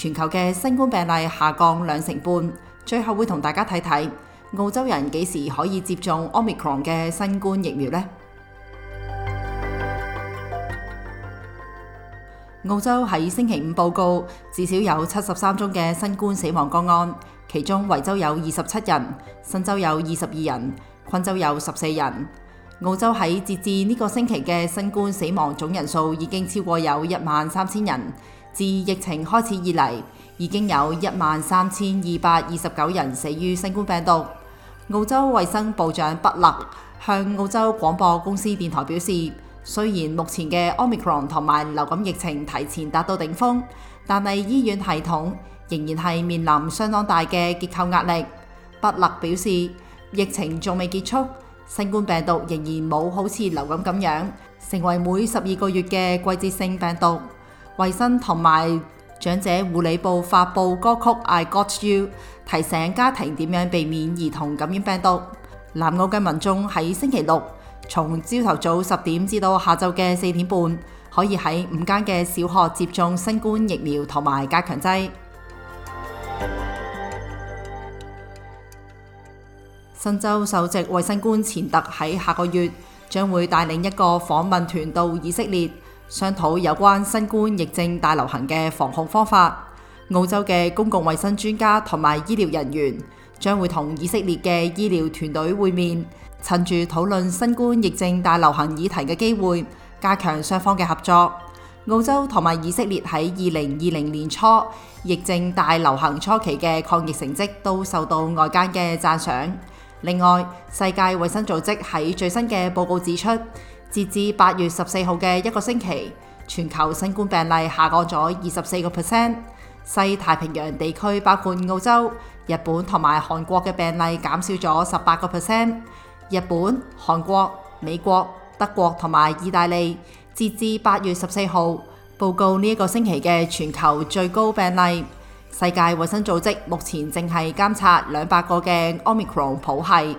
全球嘅新冠病毒病例下降兩成半，最後會同大家睇睇澳洲人幾時可以接種 Omicron 嘅新冠疫苗呢？澳洲喺星期五報告，至少有七十三宗嘅新冠死亡個案，其中維州有二十七人，新州有二十二人，昆州有十四人。澳洲喺截至呢個星期嘅新冠死亡總人數已經超過有一萬三千人。自疫情開始以嚟，已經有一萬三千二百二十九人死於新冠病毒。澳洲衛生部長布勒向澳洲廣播公司電台表示，雖然目前嘅 Omicron 同埋流感疫情提前達到頂峰，但係醫院系統仍然係面臨相當大嘅結構壓力。布勒表示，疫情仲未結束，新冠病毒仍然冇好似流感咁樣，成為每十二個月嘅季節性病毒。衛生同埋長者護理部發布歌曲《I Got You》，提醒家庭點樣避免兒童感染病毒。南澳嘅民眾喺星期六，從朝頭早十點至到下晝嘅四點半，可以喺五間嘅小學接種新冠疫苗同埋加強劑。新州首席衛生官前特喺下個月將會帶領一個訪問團到以色列，商討有關新冠疫症大流行嘅防控方法，澳洲嘅公共衛生專家同埋醫療人員將會同以色列嘅醫療團隊會面，趁住討論新冠疫症大流行議題嘅機會，加強雙方嘅合作。澳洲同埋以色列喺二零二零年初疫症大流行初期嘅抗疫成績都受到外界嘅讚賞。另外，世界衛生組織喺最新嘅報告指出，截至八月十四號嘅一個星期，全球新冠病例下降咗二十四個 percent。西太平洋地區包括澳洲、日本同埋韓國嘅病例減少咗十八個 percent。日本、韓國、美國、德國同埋意大利，截至八月十四號報告呢一個星期嘅全球最高病例。世界衛生組織目前正係監察兩百個嘅 Omicron 譜係。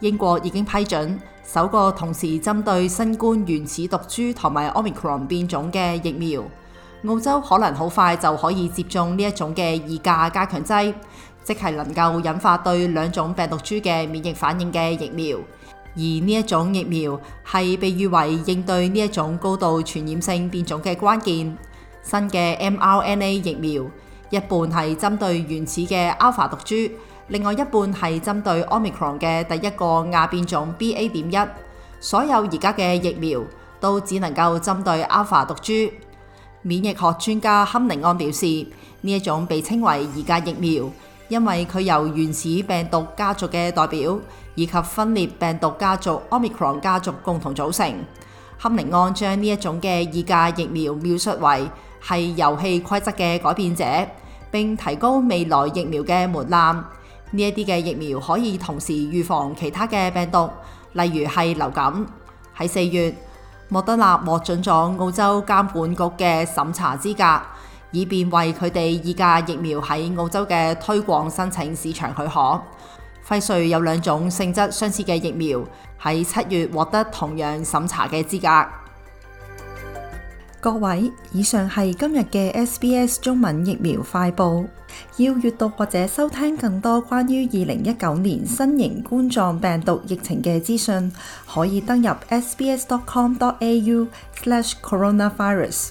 英國已經批准首個同時針對新冠原始毒株同埋 Omicron 變種嘅疫苗。澳洲可能好快就可以接種呢一種嘅二價加強劑，即係能夠引發對兩種病毒株嘅免疫反應嘅疫苗。而呢一種疫苗係被譽為應對呢一種高度傳染性變種嘅關鍵。新嘅 mRNA 疫苗一半係針對原始嘅 Alpha 毒株。另外一半係針對 Omicron 嘅第一個亞變種 BA 點一，所有而家嘅疫苗都只能夠針對 Alpha 毒株。免疫學專家坎寧安表示，呢一種被稱為二價疫苗，因為佢由原始病毒家族嘅代表以及分裂病毒家族 Omicron 家族共同組成。坎寧安將呢一種嘅二價疫苗描述為係遊戲規則嘅改變者，並提高未來疫苗嘅門檻。呢一啲嘅疫苗可以同時預防其他嘅病毒，例如係流感。喺四月，莫德納獲准咗澳洲監管局嘅審查資格，以便為佢哋二價疫苗喺澳洲嘅推廣申請市場許可。輝瑞有兩種性質相似嘅疫苗，喺七月獲得同樣審查嘅資格。各位，以上係今日嘅 SBS 中文疫苗快報。要閱讀或者收聽更多關於二零一九年新型冠狀病毒疫情嘅資訊，可以登入 sbs dot com dot au slash coronavirus。